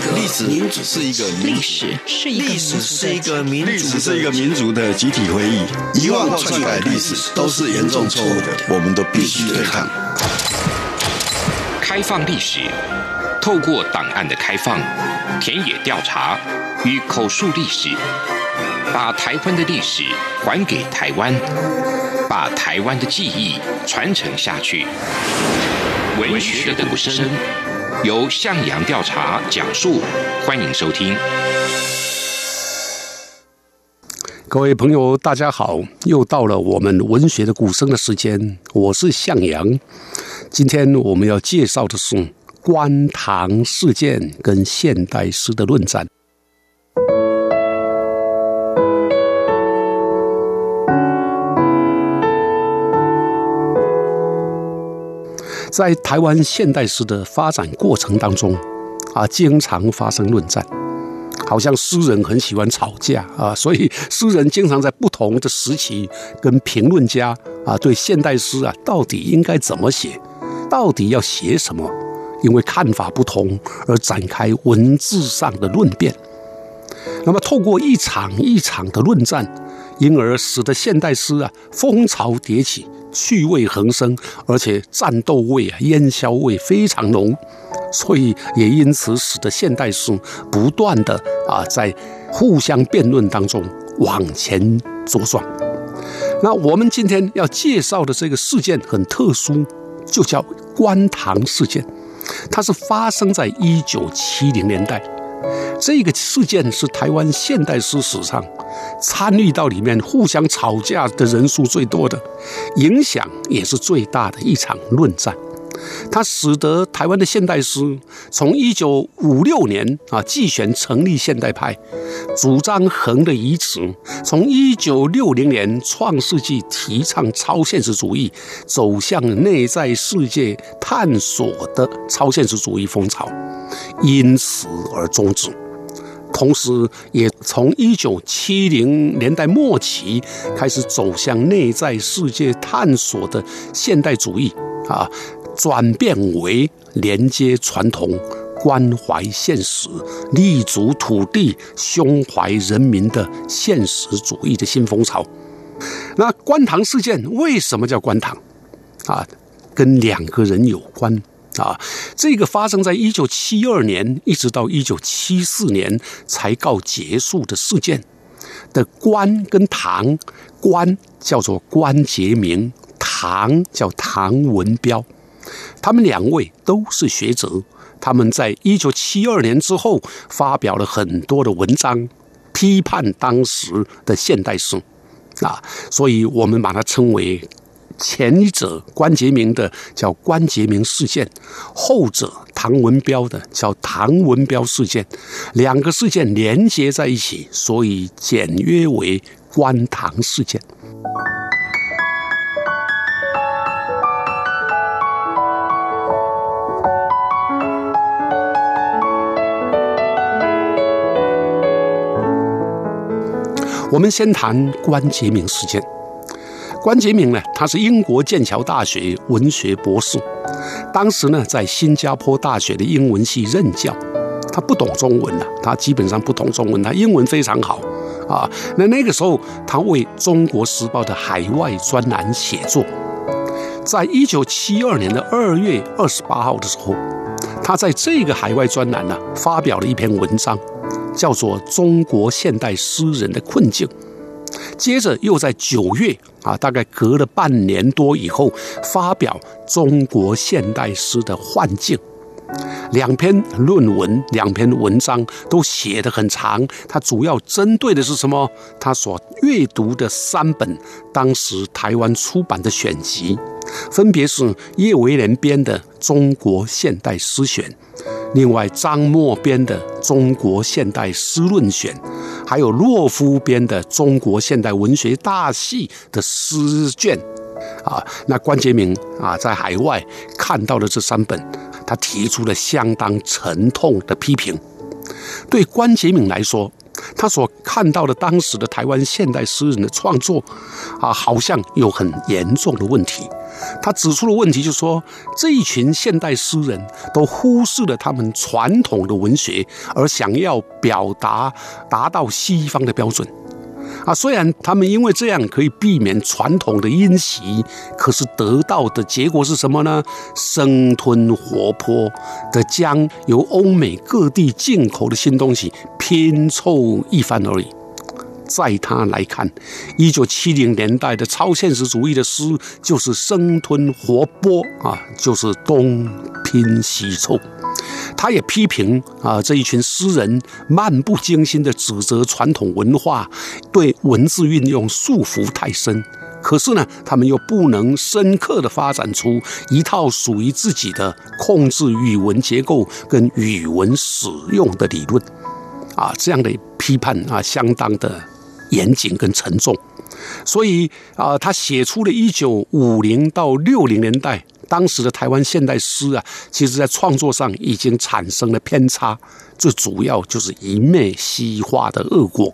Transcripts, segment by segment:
歷史是一個歷史，是一個民族的歷史，是一個民族的集體回憶。遺忘、篡改歷史都是嚴重錯誤的，我們都必須對抗。開放歷史，透過檔案的開放、田野調查與口述歷史，把台灣的歷史還給台灣，把台灣的記憶傳承下去。文學的古聲。由向陽調查講述，歡迎收聽。各位朋友，大家好，又到了我們文學的鼓聲的時間。我是向陽，今天我們要介紹的是關唐事件跟現代詩的論戰。在台灣現代詩的發展過程當中，啊，經常發生論戰，好像詩人很喜歡吵架啊，所以詩人經常在不同的時期跟評論家啊，對現代詩啊，到底應該怎麼寫，到底要寫什麼，因為看法不同而展開文字上的論辯。那麼，透過一場一場的論戰，因而使得現代詩啊，風潮迭起。趣味橫生，而且戰鬥味啊、煙硝味非常濃，所以也因此使得現代詩不斷的啊在互相辯論當中往前茁壯。那我們今天要介紹的這個事件很特殊，就叫關唐事件，它是發生在一九七零年代。這個事件是台灣現代詩史上，參與到裡面互相吵架的人數最多的，影響也是最大的一場論戰。它使得台灣的現代詩，從1956年啊紀弦成立現代派，主張橫的移植，從1960年創世紀提倡超現實主義，走向內在世界探索的超現實主義風潮，因此而終止。同時，也從1970年代末期開始走向內在世界探索的現代主義啊。轉變為連接傳統、關懷現實、立足土地、胸懷人民的現實主義的新風潮。那關唐事件為什麼叫關唐？啊，跟兩個人有關啊。這個發生在一九七二年，一直到一九七四年才告結束的事件的關跟唐，關叫做關杰明，唐叫唐文標。他們兩位都是學者，他們在一九七二年之後發表了很多的文章，批判當時的現代詩。啊，所以我們把它稱為前者關傑明的叫關傑明事件，後者唐文標的叫唐文標事件，兩個事件連接在一起，所以簡約為關唐事件。我們先談關杰明事件。關杰明呢，他是英國劍橋大學文學博士，當時呢在新加坡大學的英文系任教。他不懂中文吶，他基本上不懂中文，他英文非常好啊。那那個時候，他為中國時報的海外專欄寫作。在一九七二年的二月二十八號的時候，他在這個海外專欄呢發表了一篇文章。叫做《中國現代詩人的困境》，接着又在九月啊，大概隔了半年多以後，發表《中國現代詩的幻境》。兩篇論文、兩篇文章都寫得很長。他主要針對的是什麼？他所閱讀的三本當時台灣出版的選集，分別是葉維廉編的《中國現代詩選》，另外張默編的《中國現代詩論選》，還有洛夫編的《中國現代文學大系》的詩卷。啊，那關傑明啊，在海外看到了這三本。他提出了相當沉痛的批評。對關傑明來說，他所看到的當時的台灣現代詩人的創作，啊，好像有很嚴重的問題。他指出的問題就是說，這一群現代詩人都忽視了他們傳統的文學，而想要表達達到西方的標準。啊，雖然他們因為這樣可以避免傳統的因襲，可是得到的結果是什麼呢？生吞活剝的將由歐美各地進口的新東西拼湊一番而已。在他來看，一九七零年代的超現實主義的詩就是生吞活剝啊，就是東拼西湊。他也批評啊，這一群詩人漫不經心的指責傳統文化對文字運用束縛太深，可是呢，他們又不能深刻的發展出一套屬於自己的控制語文結構跟語文使用的理論啊。這樣的批判啊，相當的。嚴謹跟沉重，所以啊、呃，他寫出了一九五零到六零年代當時的台灣現代詩啊，其實，在創作上已經產生了偏差，最主要就是一味西化的惡果。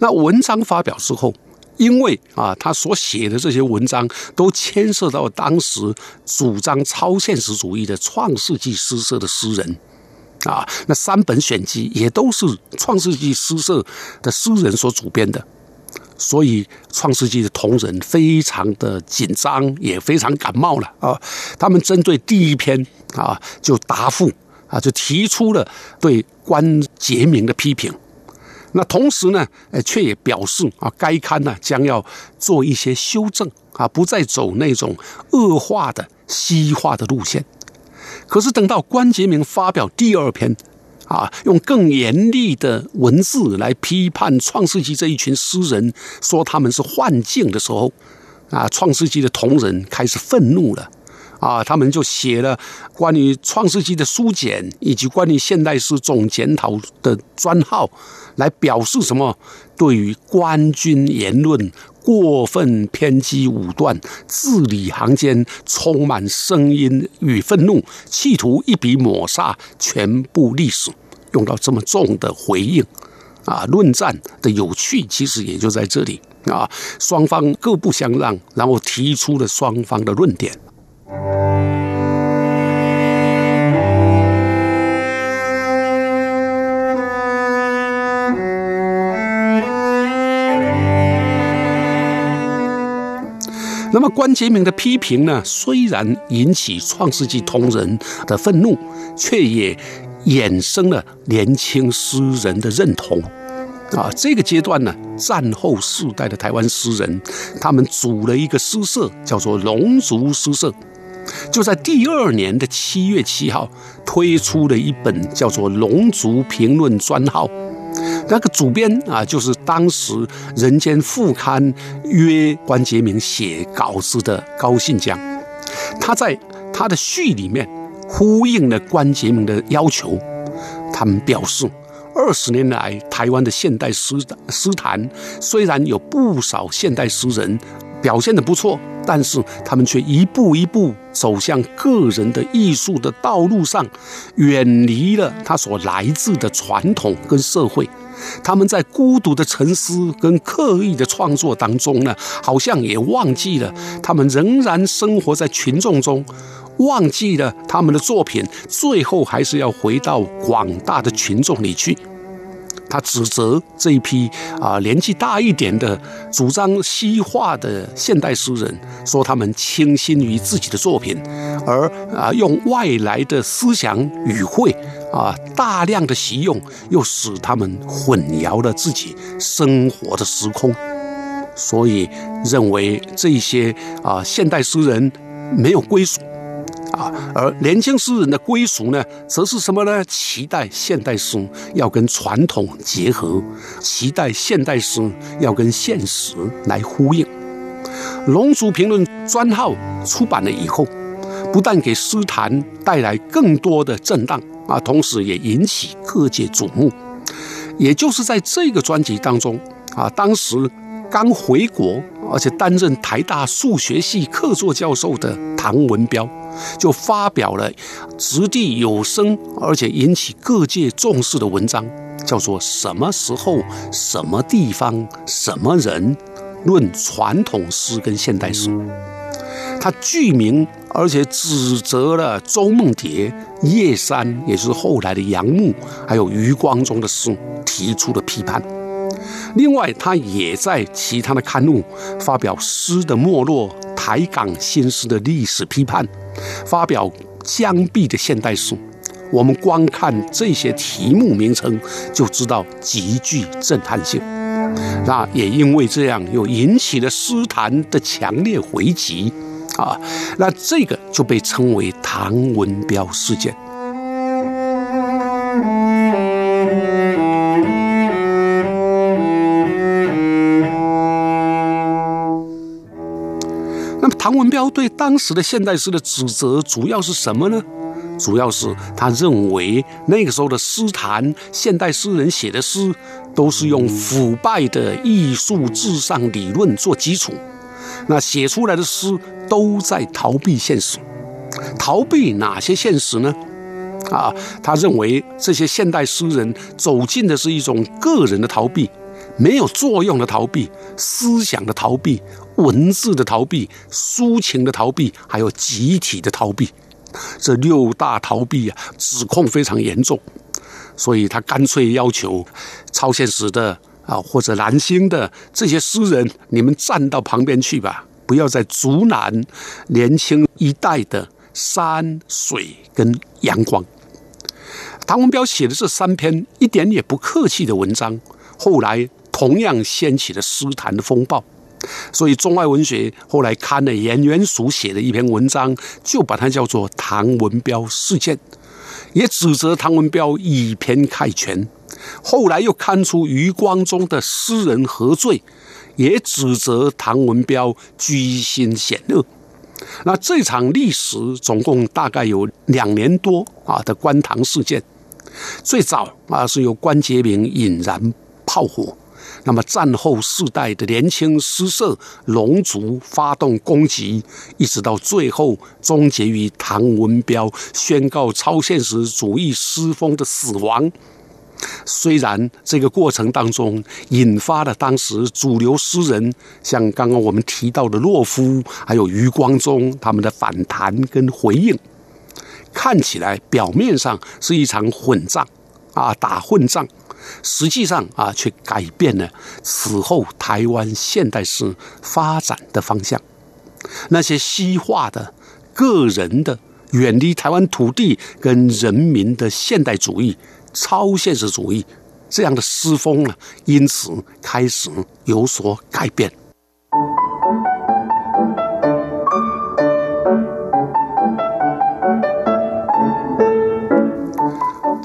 那文章發表之後，因為啊，他所寫的這些文章都牽涉到當時主張超現實主義的創世紀詩社的詩人。啊，那三本選集也都是《創世紀》詩社的詩人所主編的，所以《創世紀》的同仁非常的緊張，也非常感冒了啊。他們針對第一篇啊，就答覆啊，就提出了對關傑明的批評。那同時呢，呃、欸，卻也表示啊，該刊呢將要做一些修正啊，不再走那種惡化的西化的路線。可是等到關傑明發表第二篇，啊，用更嚴厲的文字來批判《創世紀》這一群詩人，說他們是幻境的時候，啊，《創世紀》的同仁開始憤怒了，啊，他們就寫了關於《創世紀》的書簡，以及關於現代詩總檢討的專號，來表示什麼對於官軍言論過分偏激、武斷，字裡行間充滿聲音與憤怒，企圖一筆抹煞全部歷史。用到這麼重的回應，啊，論戰的有趣其實也就在這裡，啊，雙方各不相讓，然後提出了雙方的論點。那麼關傑明的批評呢，雖然引起《創世紀》同仁的憤怒，卻也衍生了年輕詩人的認同。啊，這個階段呢，戰後世代的台灣詩人，他們組了一個詩社，叫做“龍族詩社”，就在第二年的七月七號推出了一本叫做《龍族評論》專號。那個主編啊，就是當時《人間》副刊約關傑明寫稿子的高信江，他在他的序裡面呼應了關傑明的要求，他們表示，二十年來台灣的現代詩詩壇雖然有不少現代詩人表現得不錯，但是他們卻一步一步走向個人的藝術的道路上，遠離了他所來自的傳統跟社會。他們在孤獨的沉思跟刻意的創作當中呢，好像也忘記了，他們仍然生活在群眾中，忘記了他們的作品，最後還是要回到廣大的群眾裡去。他指責這一批啊年紀大一點的主張西化的現代詩人，說他們傾心於自己的作品。而啊，用外來的思想語彙啊，大量的習用，又使他們混淆了自己生活的時空，所以認為這些啊現代詩人沒有歸屬啊，而年輕詩人的歸屬呢，則是什麼呢？期待現代詩要跟傳統結合，期待現代詩要跟現實來呼應。龍族評論專號出版了以後。不但給詩壇帶來更多的震盪啊，同時也引起各界矚目。也就是在這個專輯當中啊，當時剛回國而且擔任台大數學系客座教授的唐文標，就發表了擲地有聲而且引起各界重視的文章，叫做《什麼時候、什麼地方、什麼人論傳統詩跟現代詩》。他劇名，而且指責了周夢蝶、葉珊，也是後來的楊牧，還有余光中的詩，提出了批判。另外，他也在其他的刊物發表詩的沒落、台港新詩的歷史批判，發表僵斃的現代詩。我們光看這些題目名稱，就知道極具震撼性。那也因為這樣，又引起了詩壇的強烈回擊。啊，那這個就被稱為唐文標事件。那麼，唐文標對當時的現代詩的指責主要是什麼呢？主要是他認為那個時候的詩壇，現代詩人寫的詩，都是用腐敗的藝術至上理論做基礎。那寫出來的詩都在逃避現實，逃避哪些現實呢？啊，他認為這些現代詩人走進的是一種個人的逃避，沒有作用的逃避，思想的逃避，文字的逃避，抒情的逃避，還有集體的逃避。這六大逃避啊，指控非常嚴重，所以他乾脆要求超現實的，啊，或者藍星的這些詩人，你們站到旁邊去吧，不要再阻攔年輕一代的山水跟陽光。唐文標寫的這三篇一點也不客氣的文章，後來同樣掀起了詩壇的風暴。所以，中外文學後來刊了顏元叔寫的一篇文章，就把它叫做“唐文標事件”，也指責唐文標以偏概全。後來又刊出余光中的詩人何罪，也指責唐文標居心險惡。那這場歷時總共大概有兩年多啊的關唐事件，最早啊是由關傑明引燃炮火，那麼戰後世代的年輕詩社龍族發動攻擊，一直到最後終結於唐文標宣告超現實主義詩風的死亡。雖然這個過程當中引發了當時主流詩人，像剛剛我們提到的洛夫，還有余光中他們的反彈跟回應，看起來表面上是一場混戰啊，打混戰，實際上啊卻改變了此後台灣現代詩發展的方向。那些西化的、個人的、遠離台灣土地跟人民的現代主義。超現實主義這樣的詩風呢、啊，因此開始有所改變。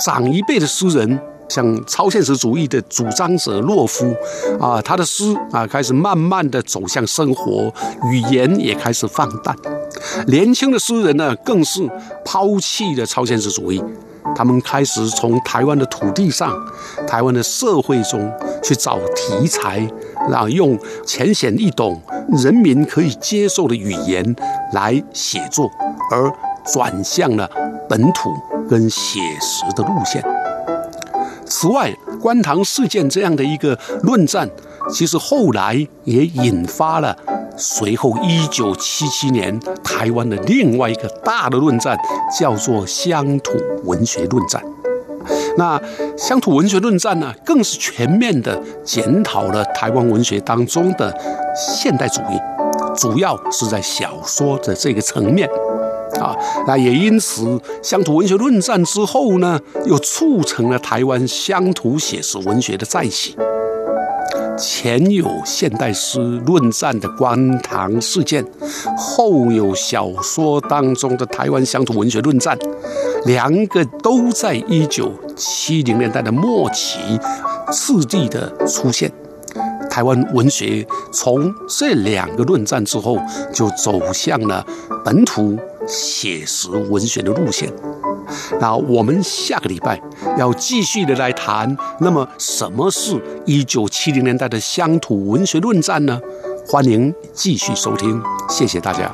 長一輩的詩人，像超現實主義的主張者洛夫啊，他的詩啊，開始慢慢的走向生活，語言也開始放淡。年輕的詩人呢，更是拋棄了超現實主義。他們開始從台灣的土地上，台灣的社會中去找題材，然後用淺顯易懂、人民可以接受的語言來寫作，而轉向了本土跟寫實的路線。此外，關唐事件這樣的一個論戰，其實後來也引發了。隨後，一九七七年，台灣的另外一個大的論戰叫做鄉土文學論戰。那鄉土文學論戰呢，啊，更是全面地檢討了台灣文學當中的現代主義，主要是在小說的這個層面。啊，那也因此，鄉土文學論戰之後呢，又促成了台灣鄉土寫實文學的再起。前有現代詩論戰的關唐事件，後有小說當中的台灣鄉土文學論戰，兩個都在一九七零年代的末期次第的出現。台灣文學從這兩個論戰之後，就走向了本土寫實文學的路線。那我們下個禮拜要繼續的來談，那麼什麼是一九七零年代的鄉土文學論戰呢？歡迎繼續收聽，謝謝大家。